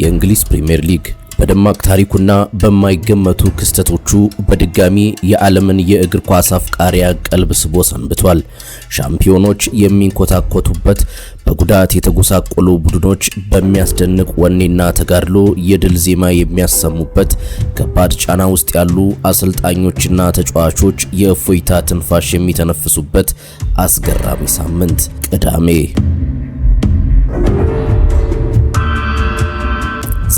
የእንግሊዝ ፕሪምየር ሊግ በደማቅ ታሪኩና በማይገመቱ ክስተቶቹ በድጋሚ የዓለምን የእግር ኳስ አፍቃሪያ ቀልብ ስቦ ሰንብቷል። ሻምፒዮኖች የሚንኮታኮቱበት፣ በጉዳት የተጎሳቆሉ ቡድኖች በሚያስደንቅ ወኔና ተጋድሎ የድል ዜማ የሚያሰሙበት፣ ከባድ ጫና ውስጥ ያሉ አሰልጣኞችና ተጫዋቾች የእፎይታ ትንፋሽ የሚተነፍሱበት አስገራሚ ሳምንት ቅዳሜ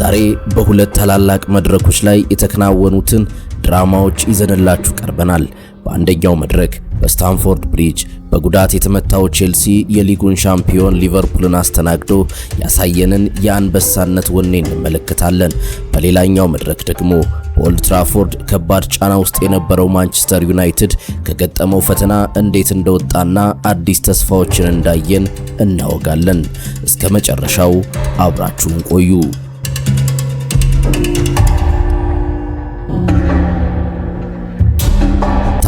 ዛሬ በሁለት ታላላቅ መድረኮች ላይ የተከናወኑትን ድራማዎች ይዘንላችሁ ቀርበናል። በአንደኛው መድረክ በስታንፎርድ ብሪጅ በጉዳት የተመታው ቼልሲ የሊጉን ሻምፒዮን ሊቨርፑልን አስተናግዶ ያሳየንን የአንበሳነት ወኔ እንመለከታለን። በሌላኛው መድረክ ደግሞ በኦልድ ትራፎርድ ከባድ ጫና ውስጥ የነበረው ማንቸስተር ዩናይትድ ከገጠመው ፈተና እንዴት እንደወጣና አዲስ ተስፋዎችን እንዳየን እናወጋለን። እስከ መጨረሻው አብራችሁን ቆዩ።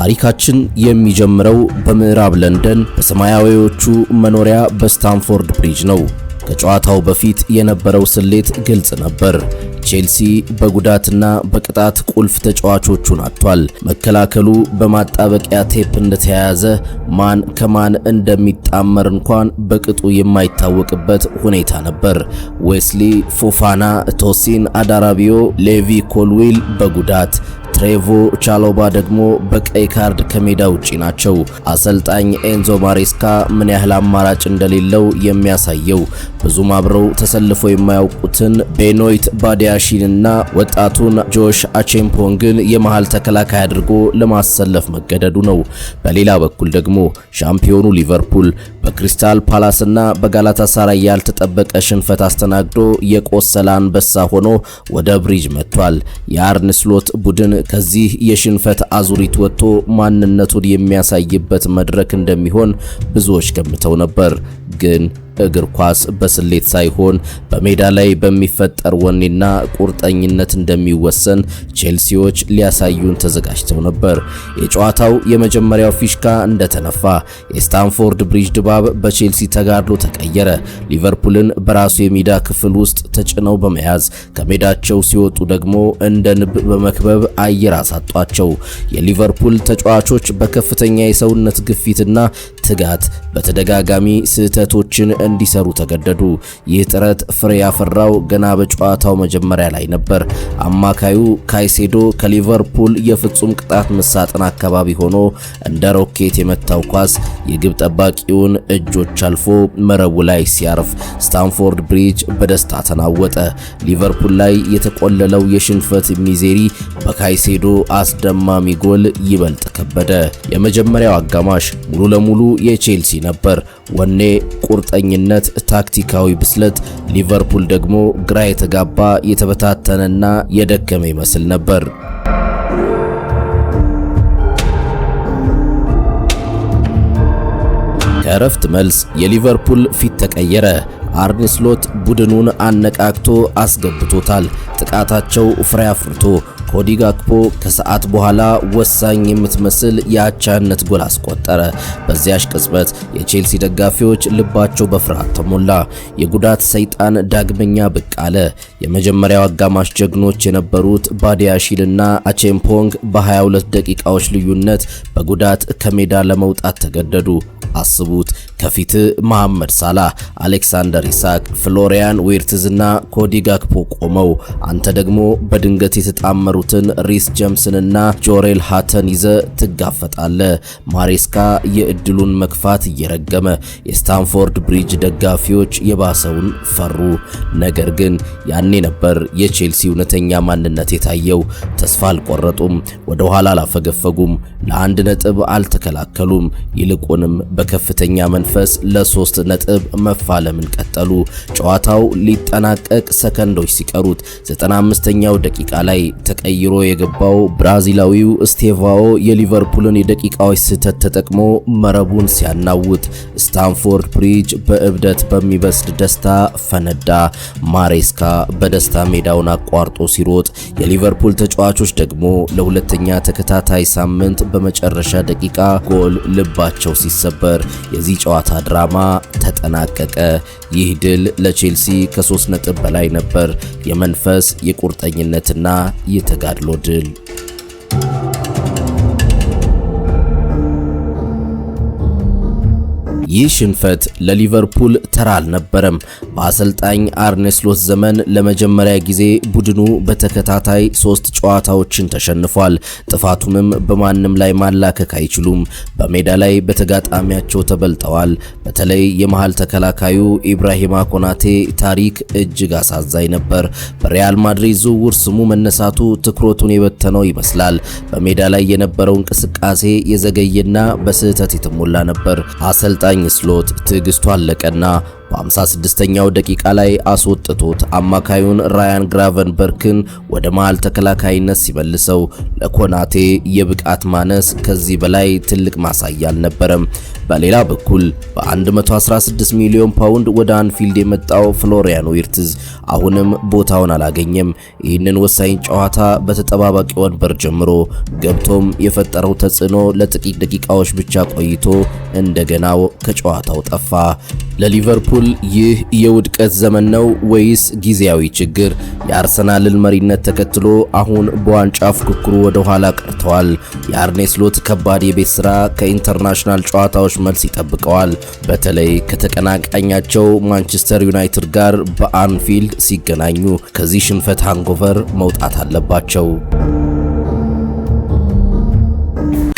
ታሪካችን የሚጀምረው በምዕራብ ለንደን በሰማያዊዎቹ መኖሪያ በስታንፎርድ ብሪጅ ነው። ከጨዋታው በፊት የነበረው ስሌት ግልጽ ነበር። ቼልሲ በጉዳትና በቅጣት ቁልፍ ተጫዋቾቹን አጥቷል። መከላከሉ በማጣበቂያ ቴፕ እንደተያያዘ ማን ከማን እንደሚጣመር እንኳን በቅጡ የማይታወቅበት ሁኔታ ነበር። ዌስሊ ፎፋና፣ ቶሲን አዳራቢዮ፣ ሌቪ ኮልዊል በጉዳት ትሬቮ ቻሎባ ደግሞ በቀይ ካርድ ከሜዳ ውጪ ናቸው። አሰልጣኝ ኤንዞ ማሬስካ ምን ያህል አማራጭ እንደሌለው የሚያሳየው ብዙም አብረው ተሰልፈው የማያውቁትን ቤኖይት ባዲያሺንና ወጣቱን ጆሽ አቼምፖንግን የመሃል ተከላካይ አድርጎ ለማሰለፍ መገደዱ ነው። በሌላ በኩል ደግሞ ሻምፒዮኑ ሊቨርፑል በክሪስታል ፓላስና በጋላታሳራይ ያልተጠበቀ ሽንፈት አስተናግዶ የቆሰለ አንበሳ ሆኖ ወደ ብሪጅ መጥቷል። የአርንስሎት ስሎት ቡድን ከዚህ የሽንፈት አዙሪት ወጥቶ ማንነቱን የሚያሳይበት መድረክ እንደሚሆን ብዙዎች ገምተው ነበር ግን እግር ኳስ በስሌት ሳይሆን በሜዳ ላይ በሚፈጠር ወኔና ቁርጠኝነት እንደሚወሰን ቼልሲዎች ሊያሳዩን ተዘጋጅተው ነበር። የጨዋታው የመጀመሪያው ፊሽካ እንደተነፋ የስታንፎርድ ብሪጅ ድባብ በቼልሲ ተጋድሎ ተቀየረ። ሊቨርፑልን በራሱ የሜዳ ክፍል ውስጥ ተጭነው በመያዝ ከሜዳቸው ሲወጡ ደግሞ እንደ ንብ በመክበብ አየር አሳጧቸው። የሊቨርፑል ተጫዋቾች በከፍተኛ የሰውነት ግፊትና ትጋት፣ በተደጋጋሚ ስህተቶችን እንዲሰሩ ተገደዱ። ይህ ጥረት ፍሬ ያፈራው ገና በጨዋታው መጀመሪያ ላይ ነበር። አማካዩ ካይሴዶ ከሊቨርፑል የፍጹም ቅጣት መሳጥን አካባቢ ሆኖ እንደ ሮኬት የመታው ኳስ የግብ ጠባቂውን እጆች አልፎ መረቡ ላይ ሲያርፍ ስታንፎርድ ብሪጅ በደስታ ተናወጠ። ሊቨርፑል ላይ የተቆለለው የሽንፈት ሚዜሪ በካይሴዶ አስደማሚ ጎል ይበልጥ ከበደ። የመጀመሪያው አጋማሽ ሙሉ ለሙሉ የቼልሲ ነበር። ወኔ፣ ቁርጠኝነት፣ ታክቲካዊ ብስለት። ሊቨርፑል ደግሞ ግራ የተጋባ የተበታተነና የደከመ ይመስል ነበር። ከእረፍት መልስ የሊቨርፑል ፊት ተቀየረ። አርኔ ስሎት ቡድኑን አነቃቅቶ አስገብቶታል። ጥቃታቸው ፍሬ አፍርቶ ኮዲ ጋክፖ ከሰዓት በኋላ ወሳኝ የምትመስል የአቻነት ጎል አስቆጠረ። በዚያሽ ቅጽበት የቼልሲ ደጋፊዎች ልባቸው በፍርሃት ተሞላ። የጉዳት ሰይጣን ዳግመኛ ብቅ አለ። የመጀመሪያው አጋማሽ ጀግኖች የነበሩት ባዲያሺልና አቼምፖንግ በ22 ደቂቃዎች ልዩነት በጉዳት ከሜዳ ለመውጣት ተገደዱ። አስቡት ከፊት መሐመድ ሳላህ፣ አሌክሳንደር ኢሳክ፣ ፍሎሪያን ዊርትዝ እና ኮዲ ጋክፖ ቆመው አንተ ደግሞ በድንገት የተጣመሩትን ሪስ ጀምስንና ጆሬል ሃተን ይዘ ትጋፈጣለ። ማሬስካ የእድሉን መክፋት እየረገመ የስታንፎርድ ብሪጅ ደጋፊዎች የባሰውን ፈሩ። ነገር ግን ያኔ ነበር የቼልሲ እውነተኛ ማንነት የታየው። ተስፋ አልቆረጡም፣ ወደ ኋላ አላፈገፈጉም፣ ለአንድ ነጥብ አልተከላከሉም። ይልቁንም በከፍተኛ መንፈስ መንፈስ ለሶስት ነጥብ መፋለምን ቀጠሉ። ጨዋታው ሊጠናቀቅ ሰከንዶች ሲቀሩት 95ኛው ደቂቃ ላይ ተቀይሮ የገባው ብራዚላዊው ስቴቫኦ የሊቨርፑልን የደቂቃዎች ስህተት ተጠቅሞ መረቡን ሲያናውጥ ስታንፎርድ ብሪጅ በእብደት በሚበስድ ደስታ ፈነዳ። ማሬስካ በደስታ ሜዳውን አቋርጦ ሲሮጥ፣ የሊቨርፑል ተጫዋቾች ደግሞ ለሁለተኛ ተከታታይ ሳምንት በመጨረሻ ደቂቃ ጎል ልባቸው ሲሰበር የዚህ ጨዋታ የጨዋታ ድራማ ተጠናቀቀ። ይህ ድል ለቼልሲ ከ3 ነጥብ በላይ ነበር፤ የመንፈስ የቁርጠኝነትና የተጋድሎ ድል ይህ ሽንፈት ለሊቨርፑል ተራ አልነበረም። በአሰልጣኝ አርኔ ስሎት ዘመን ለመጀመሪያ ጊዜ ቡድኑ በተከታታይ ሶስት ጨዋታዎችን ተሸንፏል። ጥፋቱንም በማንም ላይ ማላከክ አይችሉም። በሜዳ ላይ በተጋጣሚያቸው ተበልጠዋል። በተለይ የመሃል ተከላካዩ ኢብራሂማ ኮናቴ ታሪክ እጅግ አሳዛኝ ነበር። በሪያል ማድሪድ ዝውውር ስሙ መነሳቱ ትኩረቱን የበተነው ይመስላል። በሜዳ ላይ የነበረው እንቅስቃሴ የዘገየና በስህተት የተሞላ ነበር። አሰልጣኝ ስሎት ትዕግስቱ አለቀና በ56ኛው ደቂቃ ላይ አስወጥቶት አማካዩን ራያን ግራቨንበርክን ወደ መሃል ተከላካይነት ሲመልሰው ለኮናቴ የብቃት ማነስ ከዚህ በላይ ትልቅ ማሳያ አልነበረም። በሌላ በኩል በ116 ሚሊዮን ፓውንድ ወደ አንፊልድ የመጣው ፍሎሪያኖ ዊርትዝ አሁንም ቦታውን አላገኘም። ይህንን ወሳኝ ጨዋታ በተጠባባቂ ወንበር ጀምሮ ገብቶም የፈጠረው ተጽዕኖ ለጥቂት ደቂቃዎች ብቻ ቆይቶ እንደገናው ከጨዋታው ጠፋ። ለሊቨርፑል በኩል ይህ የውድቀት ዘመን ነው ወይስ ጊዜያዊ ችግር? የአርሰናልን መሪነት ተከትሎ አሁን በዋንጫ ፉክክሩ ወደ ኋላ ቀርተዋል። የአርኔ ስሎት ከባድ የቤት ስራ ከኢንተርናሽናል ጨዋታዎች መልስ ይጠብቀዋል። በተለይ ከተቀናቃኛቸው ማንቸስተር ዩናይትድ ጋር በአንፊልድ ሲገናኙ ከዚህ ሽንፈት ሃንጎቨር መውጣት አለባቸው።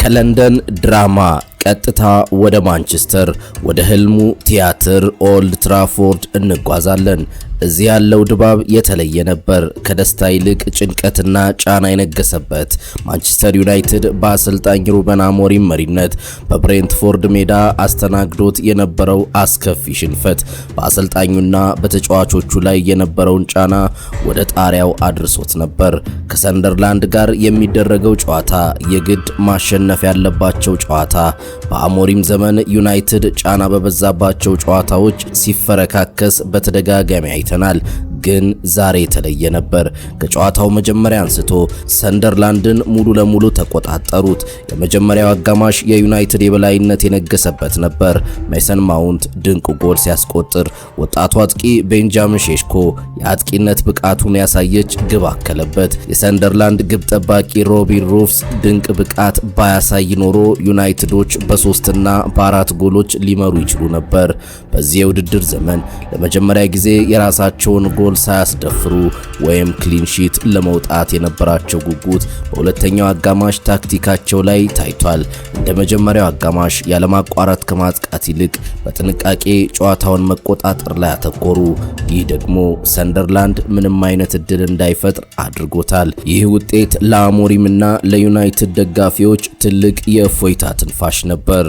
ከለንደን ድራማ ቀጥታ ወደ ማንቸስተር ወደ ህልሙ ቲያትር ኦልድ ትራፎርድ እንጓዛለን። እዚህ ያለው ድባብ የተለየ ነበር። ከደስታ ይልቅ ጭንቀትና ጫና የነገሰበት። ማንቸስተር ዩናይትድ በአሰልጣኝ ሩበን አሞሪም መሪነት በብሬንትፎርድ ሜዳ አስተናግዶት የነበረው አስከፊ ሽንፈት በአሰልጣኙና በተጫዋቾቹ ላይ የነበረውን ጫና ወደ ጣሪያው አድርሶት ነበር። ከሰንደርላንድ ጋር የሚደረገው ጨዋታ የግድ ማሸነፍ ያለባቸው ጨዋታ። በአሞሪም ዘመን ዩናይትድ ጫና በበዛባቸው ጨዋታዎች ሲፈረካከስ በተደጋጋሚ አይተ nacional. ግን ዛሬ የተለየ ነበር። ከጨዋታው መጀመሪያ አንስቶ ሰንደርላንድን ሙሉ ለሙሉ ተቆጣጠሩት። የመጀመሪያው አጋማሽ የዩናይትድ የበላይነት የነገሰበት ነበር። ሜሰን ማውንት ድንቅ ጎል ሲያስቆጥር፣ ወጣቱ አጥቂ ቤንጃሚን ሼሽኮ የአጥቂነት ብቃቱን ያሳየች ግብ አከለበት። የሰንደርላንድ ግብ ጠባቂ ሮቢን ሩፍስ ድንቅ ብቃት ባያሳይ ኖሮ ዩናይትዶች በሶስትና በአራት ጎሎች ሊመሩ ይችሉ ነበር። በዚህ የውድድር ዘመን ለመጀመሪያ ጊዜ የራሳቸውን ጎል ጎል ሳያስደፍሩ ወይም ክሊንሺት ለመውጣት የነበራቸው ጉጉት በሁለተኛው አጋማሽ ታክቲካቸው ላይ ታይቷል። እንደ መጀመሪያው አጋማሽ ያለማቋረጥ ከማጥቃት ይልቅ በጥንቃቄ ጨዋታውን መቆጣጠር ላይ አተኮሩ። ይህ ደግሞ ሰንደርላንድ ምንም አይነት እድል እንዳይፈጥር አድርጎታል። ይህ ውጤት ለአሞሪም እና ለዩናይትድ ደጋፊዎች ትልቅ የእፎይታ ትንፋሽ ነበር።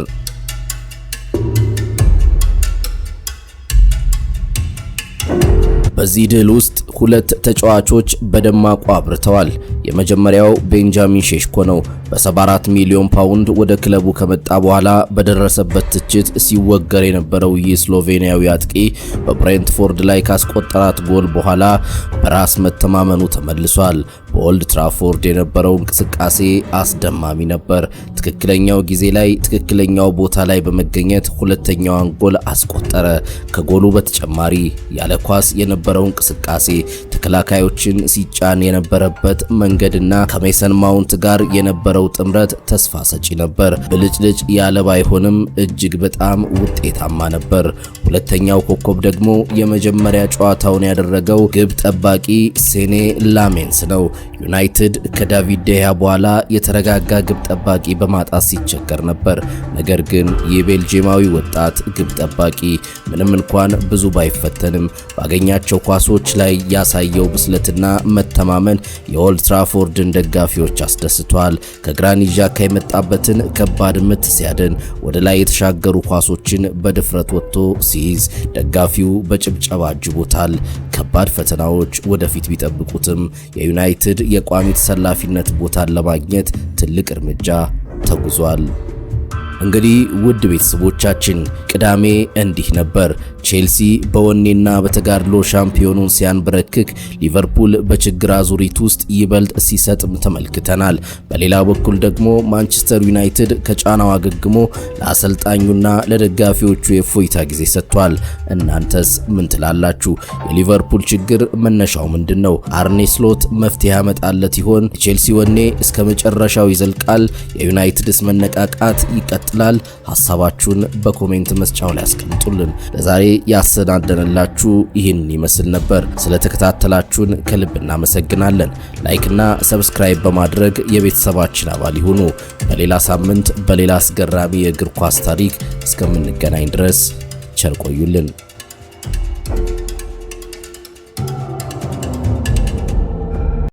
በዚህ ድል ውስጥ ሁለት ተጫዋቾች በደማቁ አብርተዋል። የመጀመሪያው ቤንጃሚን ሼሽኮ ነው። በ74 ሚሊዮን ፓውንድ ወደ ክለቡ ከመጣ በኋላ በደረሰበት ትችት ሲወገር የነበረው ይህ ስሎቬኒያዊ አጥቂ በብሬንትፎርድ ላይ ካስቆጠራት ጎል በኋላ በራስ መተማመኑ ተመልሷል። በኦልድ ትራፎርድ የነበረው እንቅስቃሴ አስደማሚ ነበር። ትክክለኛው ጊዜ ላይ ትክክለኛው ቦታ ላይ በመገኘት ሁለተኛዋን ጎል አስቆጠረ። ከጎሉ በተጨማሪ ያለ ኳስ የነበረው እንቅስቃሴ ተከላካዮችን ሲጫን የነበረበት መንገድና ከሜሰን ማውንት ጋር የነበረው ጥምረት ተስፋ ሰጪ ነበር። ብልጭልጭ ያለ ባይሆንም እጅግ በጣም ውጤታማ ነበር። ሁለተኛው ኮከብ ደግሞ የመጀመሪያ ጨዋታውን ያደረገው ግብ ጠባቂ ሴኔ ላሜንስ ነው። ዩናይትድ ከዳቪድ ዴያ በኋላ የተረጋጋ ግብ ጠባቂ በማጣት ሲቸገር ነበር። ነገር ግን የቤልጂማዊ ወጣት ግብ ጠባቂ ምንም እንኳን ብዙ ባይፈተንም ባገኛቸው ኳሶች ላይ ያሳየው ብስለትና መተማመን የኦልትራ የትራፎርድን ደጋፊዎች አስደስቷል። ከግራኒ ዣካ የመጣበትን ከባድ ምት ሲያድን ወደ ላይ የተሻገሩ ኳሶችን በድፍረት ወጥቶ ሲይዝ ደጋፊው በጭብጨባ አጅቦታል። ከባድ ፈተናዎች ወደፊት ቢጠብቁትም የዩናይትድ የቋሚ ተሰላፊነት ቦታን ለማግኘት ትልቅ እርምጃ ተጉዟል። እንግዲህ ውድ ቤተሰቦቻችን ቅዳሜ እንዲህ ነበር። ቼልሲ በወኔና በተጋድሎ ሻምፒዮኑን ሲያንበረክክ፣ ሊቨርፑል በችግር አዙሪት ውስጥ ይበልጥ ሲሰጥም ተመልክተናል። በሌላ በኩል ደግሞ ማንቸስተር ዩናይትድ ከጫናው አገግሞ ለአሰልጣኙና ለደጋፊዎቹ የእፎይታ ጊዜ ሰጥቷል። እናንተስ ምን ትላላችሁ? የሊቨርፑል ችግር መነሻው ምንድን ነው? አርኔ ስሎት መፍትሄ ያመጣለት ይሆን? የቼልሲ ወኔ እስከ መጨረሻው ይዘልቃል? የዩናይትድስ መነቃቃት ይቀጥላል? ሀሳባችሁን በኮሜንት መስጫው ላይ ያስቀምጡልን። ለዛሬ ያሰናደንላችሁ ይህን ይመስል ነበር። ስለተከታተላችሁን ከልብ እናመሰግናለን። ላይክና ሰብስክራይብ በማድረግ የቤተሰባችን አባል ይሁኑ። በሌላ ሳምንት በሌላ አስገራሚ የእግር ኳስ ታሪክ እስከምንገናኝ ድረስ ቸር ቆዩልን።